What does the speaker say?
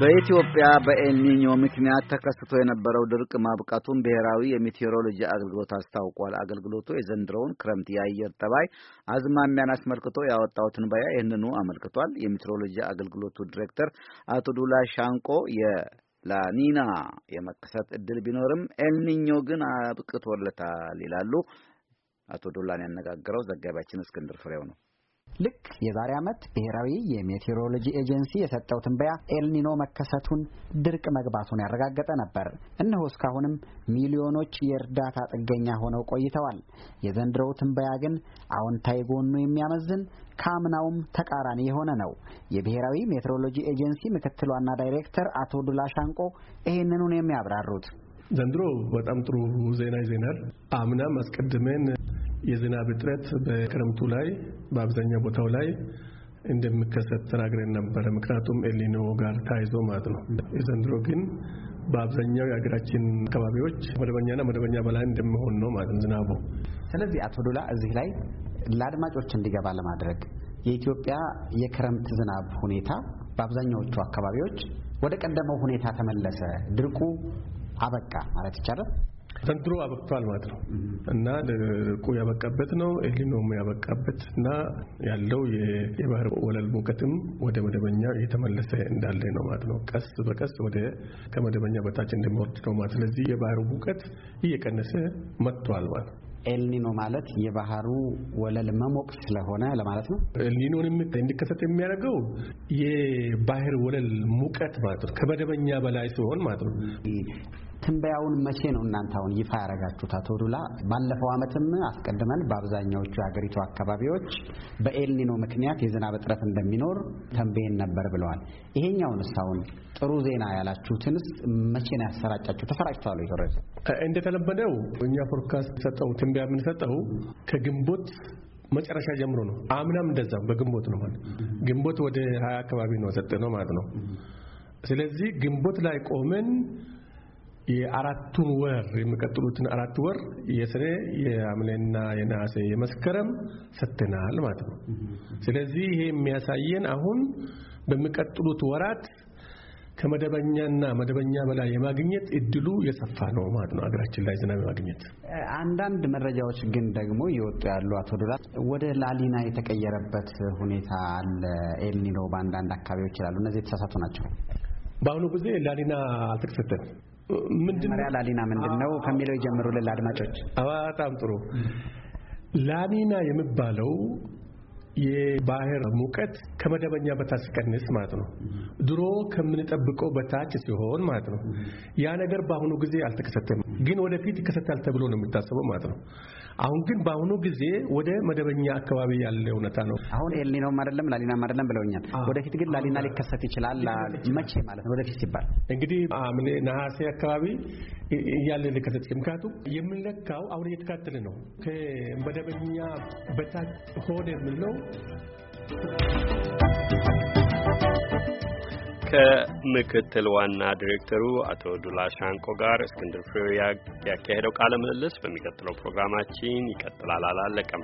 በኢትዮጵያ በኤልኒኞ ምክንያት ተከስቶ የነበረው ድርቅ ማብቃቱን ብሔራዊ የሜቴሮሎጂ አገልግሎት አስታውቋል። አገልግሎቱ የዘንድሮውን ክረምት የአየር ጠባይ አዝማሚያን አስመልክቶ ያወጣው ትንበያ ይህንኑ አመልክቷል። የሜቴሮሎጂ አገልግሎቱ ዲሬክተር አቶ ዱላ ሻንቆ የላኒና የመከሰት እድል ቢኖርም ኤልኒኞ ግን አብቅቶለታል ይላሉ። አቶ ዱላን ያነጋግረው ዘጋቢያችን እስክንድር ፍሬው ነው። ልክ የዛሬ ዓመት ብሔራዊ የሜቴሮሎጂ ኤጀንሲ የሰጠው ትንበያ ኤልኒኖ መከሰቱን፣ ድርቅ መግባቱን ያረጋገጠ ነበር። እነሆ እስካሁንም ሚሊዮኖች የእርዳታ ጥገኛ ሆነው ቆይተዋል። የዘንድሮው ትንበያ ግን አዎንታዊ ጎኑ የሚያመዝን ከአምናውም ተቃራኒ የሆነ ነው። የብሔራዊ ሜትሮሎጂ ኤጀንሲ ምክትል ዋና ዳይሬክተር አቶ ዱላ ሻንቆ ይህንኑን የሚያብራሩት ዘንድሮ በጣም ጥሩ ዜና ይዘናል። አምናም አስቀድመን የዝናብ እጥረት በክረምቱ ላይ በአብዛኛው ቦታው ላይ እንደሚከሰት ተናግረን ነበረ። ምክንያቱም ኤሊኖ ጋር ታይዞ ማለት ነው። የዘንድሮ ግን በአብዛኛው የሀገራችን አካባቢዎች መደበኛና መደበኛ በላይ እንደሚሆን ነው ማለት ዝናቡ። ስለዚህ አቶ ዱላ እዚህ ላይ ለአድማጮች እንዲገባ ለማድረግ የኢትዮጵያ የክረምት ዝናብ ሁኔታ በአብዛኛዎቹ አካባቢዎች ወደ ቀደመው ሁኔታ ተመለሰ፣ ድርቁ አበቃ ማለት ይቻላል። ዘንድሮ አበቅቷል ማለት ነው እና ቁ ያበቃበት ነው። ኤሊኖ ያበቃበት እና ያለው የባህር ወለል ሙቀትም ወደ መደበኛ እየተመለሰ እንዳለ ነው ማለት ነው። ቀስ በቀስ ወደ ከመደበኛ በታች እንደሚወርድ ነው ማለት ስለዚህ የባህሩ ሙቀት እየቀነሰ መጥቷል ማለት ነው። ኤልኒኖ ማለት የባህሩ ወለል መሞቅ ስለሆነ ለማለት ነው። ኤልኒኖን እንዲከሰት የሚያደርገው የባህር ወለል ሙቀት ማለት ነው። ከመደበኛ በላይ ሲሆን ማለት ነው። ትንበያውን መቼ ነው እናንተ አሁን ይፋ ያደረጋችሁት? አቶ ዱላ፣ ባለፈው ዓመትም አስቀድመን በአብዛኛዎቹ የሀገሪቱ አካባቢዎች በኤልኒኖ ምክንያት የዝናብ እጥረት እንደሚኖር ተንብየን ነበር ብለዋል። ይሄኛውንስ አሁን ጥሩ ዜና ያላችሁትንስ መቼ ነው ያሰራጫችሁ? ተሰራጭቷል? እንደተለመደው እኛ ፎርካስት የሰጠው ትንበያ የምንሰጠው ከግንቦት መጨረሻ ጀምሮ ነው። አምናም እንደዛም በግንቦት ነው ማለት ግንቦት ወደ ሀያ አካባቢ ነው ሰጠ ነው ማለት ነው። ስለዚህ ግንቦት ላይ ቆመን የአራቱን ወር የሚቀጥሉትን አራት ወር የሰኔ የሐምሌና የነሐሴ የመስከረም ሰጥተናል ማለት ነው። ስለዚህ ይሄ የሚያሳየን አሁን በሚቀጥሉት ወራት ከመደበኛና መደበኛ በላይ የማግኘት እድሉ የሰፋ ነው ማለት ነው። ሀገራችን ላይ ዝናብ የማግኘት አንዳንድ መረጃዎች ግን ደግሞ እየወጡ ያሉ አቶ ዶላ ወደ ላሊና የተቀየረበት ሁኔታ አለ። ኤልኒኖ በአንዳንድ አካባቢዎች ይላሉ። እነዚህ የተሳሳቱ ናቸው። በአሁኑ ጊዜ ላሊና አልተከሰተም። መጀመሪያ ላሊና ምንድን ነው ከሚለው ይጀምሩልን ለአድማጮች በጣም ጥሩ ላሊና የሚባለው የባህር ሙቀት ከመደበኛ በታች ሲቀንስ ማለት ነው። ድሮ ከምንጠብቀው በታች ሲሆን ማለት ነው። ያ ነገር በአሁኑ ጊዜ አልተከሰተም፣ ግን ወደፊት ይከሰታል ተብሎ ነው የሚታሰበው ማለት ነው። አሁን ግን በአሁኑ ጊዜ ወደ መደበኛ አካባቢ ያለ እውነታ ነው። አሁን ኤልኒኖም አይደለም ላሊናም አይደለም ብለውኛል። ወደፊት ግን ላሊና ሊከሰት ይችላል። መቼ ማለት ነው? ወደፊት ሲባል እንግዲህ ነሐሴ አካባቢ እያለ ሊከሰት ምክንያቱም የምንለካው አሁን እየተካተለ ነው ከመደበኛ በታች ሆነ የምለው ከምክትል ዋና ዲሬክተሩ አቶ ዱላ ሻንቆ ጋር እስክንድር ፍሬው ያካሄደው ቃለ ምልልስ በሚቀጥለው ፕሮግራማችን ይቀጥላል። አላለቀም።